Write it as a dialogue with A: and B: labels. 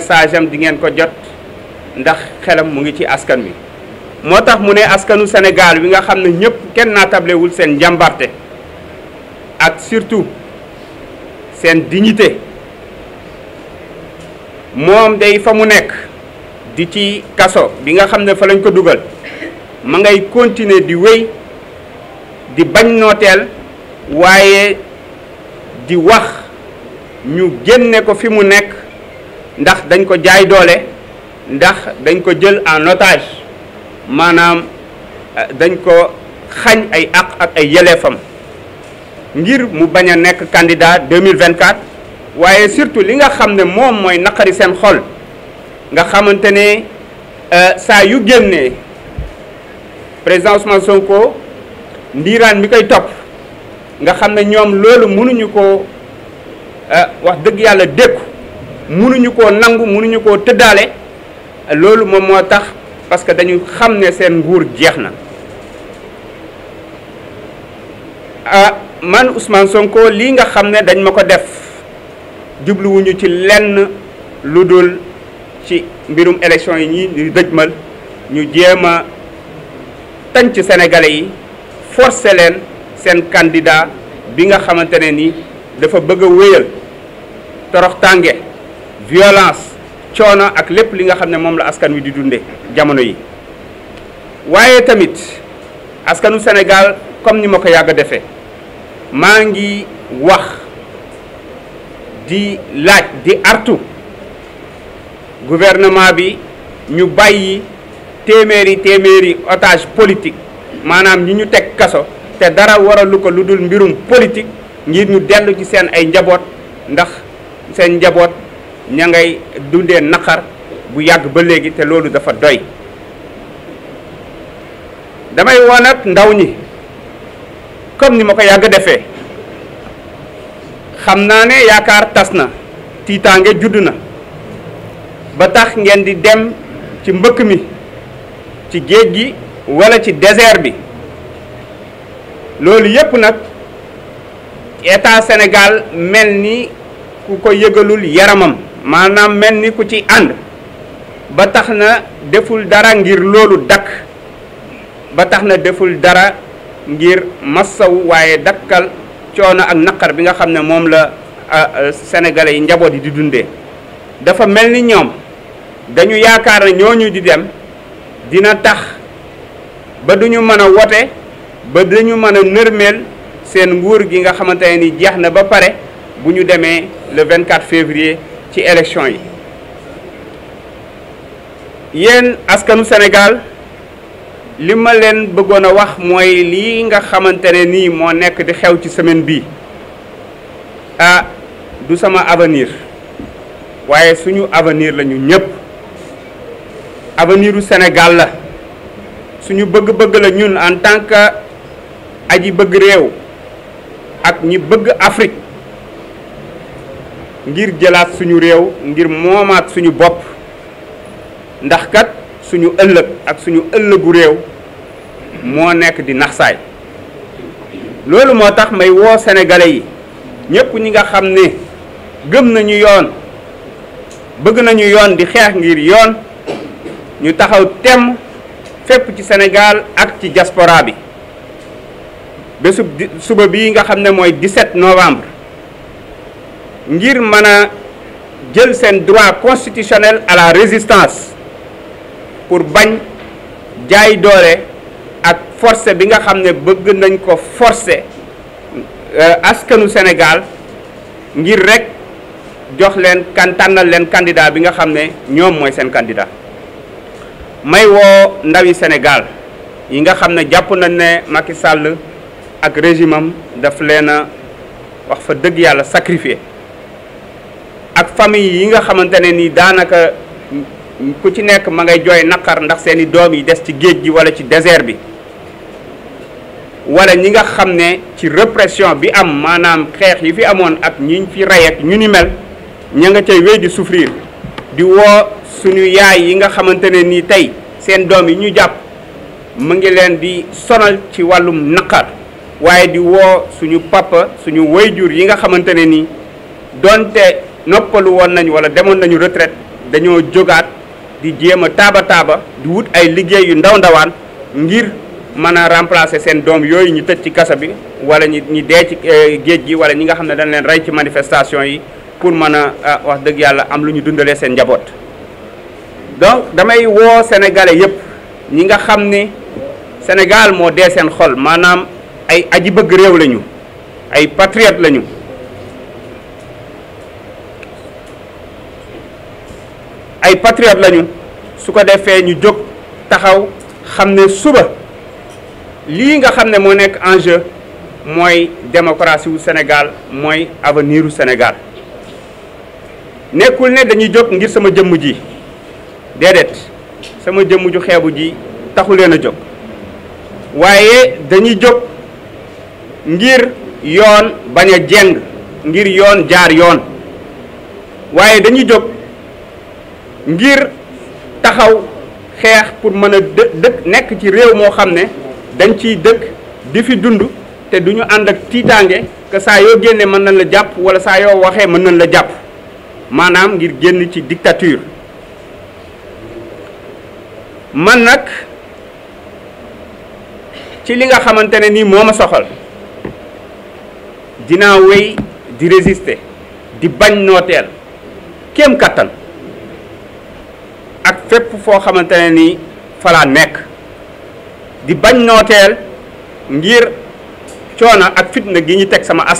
A: message am ngeen ko jot ndax xelam mu ngi ci askan wi moo tax mu ne askanu Sénégal wi nga xam ne ñëpp kenn naatablewul seen njàmbarte ak surtout seen dignité moom day fa mu nekk di ci kaso bi nga xam ne fa lañ ko dugal ma ngay continuer di wéy di bañ nooteel waaye di wax ñu génne ko fi mu nekk ndax dañ ko jaay doole ndax dañ ko jël en otage maanaam euh, dañ ko xañ ay àq ak ay yeleefam ngir mu bañ a nekk candidat 2024 waaye surtout li nga xam ne moom mooy naqari seen xol nga xamante ne euh, saa yu génnee président Ousmane Sonko ndiiraan mi koy topp nga xam ne ñoom loolu mënuñu ko euh, wax dëgg yàlla dékku mënuñu koo nangu mënuñu koo tëddaale loolu moom moo tax parce que dañu xam ne seen nguur jeex na ah man Ousmane Sonko lii nga xam ne dañ ma ko def jubluwuñu ci lenn lu dul ci mbirum élection yi ñuy dëjmal ñu jéem a tànc Sénégalais yi force leen seen candidat bi nga xamante ne ni dafa bëgg a wéyal torox tànge violence coono ak lépp li nga xam ne moom la askan wi di dunde jamono yi waaye tamit askanu Sénégal comme ni ma ko yàgg a defee maa ngi wax di laaj di artu gouvernement bi ñu bàyyi téeméeri téeméeri otage politique maanaam ñi ñu teg kaso te dara waralu ko lu dul mbirum politique ngir ñu dellu ci seen ay njaboot ndax seen njaboot ña ngay dundee naqar bu yàgg ba léegi te loolu dafa doy damay wonat ndaw ñi comme ni ma ko yàgg defee xam naa ne yaakaar tas na tiitaange judd na ba tax ngeen di dem ci mbëkk mi ci géej gi walla ci désert bi loolu yépp nag état Sénégal mel ni ku ko yëgalul yaramam maanaam mel ni ku ci ànd ba tax na deful dara ngir loolu dakk ba tax na deful dara ngir massawu waaye dakkal coono ak naqar bi nga xam ne moom la sénégalais yi njaboot yi di dundee dafa mel ni ñoom dañu yaakaar ñoo ñu di dem dina tax ba duñu mën a wote ba duñu mën a nërmeel seen nguur gi nga xamante ne ni jeex na ba pare bu ñu demee le 24 février ci élection yi yéen askanu senegaal li ma leen bëggoon a wax mooy lii nga xamante ne nii moo nekk di xew ci semaine bii ah du sama avenir waaye suñu avenir lañu ñu ñëpp aveniru Sénégal la suñu bëgg-bëgg la ñun en tant que aji bëgg réew ak ñi bëgg Afrique ngir jëlaat suñu réew ngir moomaat suñu bopp ndax kat suñu ëllëg ak suñu ëllëgu réew moo nekk di naxsaay loolu moo tax may woo senegale yi ñëpp ñi nga xam ne gëm nañu yoon bëgg nañu yoon di xeex ngir yoon ñu taxaw temm fépp ci Sénégal ak ci jasporaa bi bésub suba bii nga xam ne mooy 17 novembre ngir mën a jël seen droit constitutionnel à la résistance pour bañ jaay doole ak forcé bi nga xam ne bëgg nañ ko forcé euh, askanu Sénégal ngir rekk jox leen kan leen candidat bi nga xam ne ñoom mooy seen candidat may woo ndawi Sénégal yi nga xam ne jàpp nañ ne Macky sàll ak résimam daf leen a wax fa dëgg yàlla sacrifié ak famille yi nga xamante ne ni daanaka ku ci nekk ma ngay jooy naqar ndax seeni doom yi des ci géej gi wala ci désert bi wala ñi nga xam ne ci répression bi am maanaam xeex yi fi amoon ak ñi fi rey ak ñu ni mel ña nga cay wéy di souffrir di woo suñu yaay yi nga xamante ne nii tey seen doom yi ñu jàpp mu ngi leen di sonal ci wàllum naqar waaye di woo suñu papa suñu wayjur yi nga xamante ne nii donte noppalu woon nañu wala demoon nañu retraite dañoo jógaat di jéem a taaba taaba di wut ay liggéey yu ndaw ndawaan ngir mën a remplacer seen doom yooyu ñu tëj ci kasa bi wala ñi ñi dee ci eh, géej gi wala ñi nga xam ne dañ leen rey ci manifestation yi pour mën a wax dëgg yàlla am lu ñu dundalee seen njaboot donc damay woo sénégalais yëpp ñi nga xam ni Sénégal moo dee seen xol maanaam ay aji bëgg réew lañu ay patriote lañu ay patriotes lañu su ko defee ñu jóg taxaw xam ne suba lii nga xam ne moo nekk enjeu mooy démocratie wu Sénégal mooy aveniru u Sénégal nekkul ne dañuy jóg ngir sama jëmm ji déedéet sama jëmm ju xeebu ji taxu leen a jóg waaye dañuy jóg ngir yoon bañ a jeng ngir yoon jaar yoon waaye dañuy jóg ngir taxaw xeex pour mën a dë dëkk nekk ci réew moo xam ne dañ ciy dëkk di fi dund te du ñu ànd ak tiitaange que saa yoo génnee mën nañ la jàpp wala saa yoo waxee mën nañ la jàpp maanaam ngir génn ci dictature man nag ci li nga xamante ne nii moo ma soxal dinaa wéy di résiste di bañ nooteel kem kàttan ak fépp foo xamante ne ni falaa nekk di bañ nooteel ngir coono ak fitna gi ñu teg sama as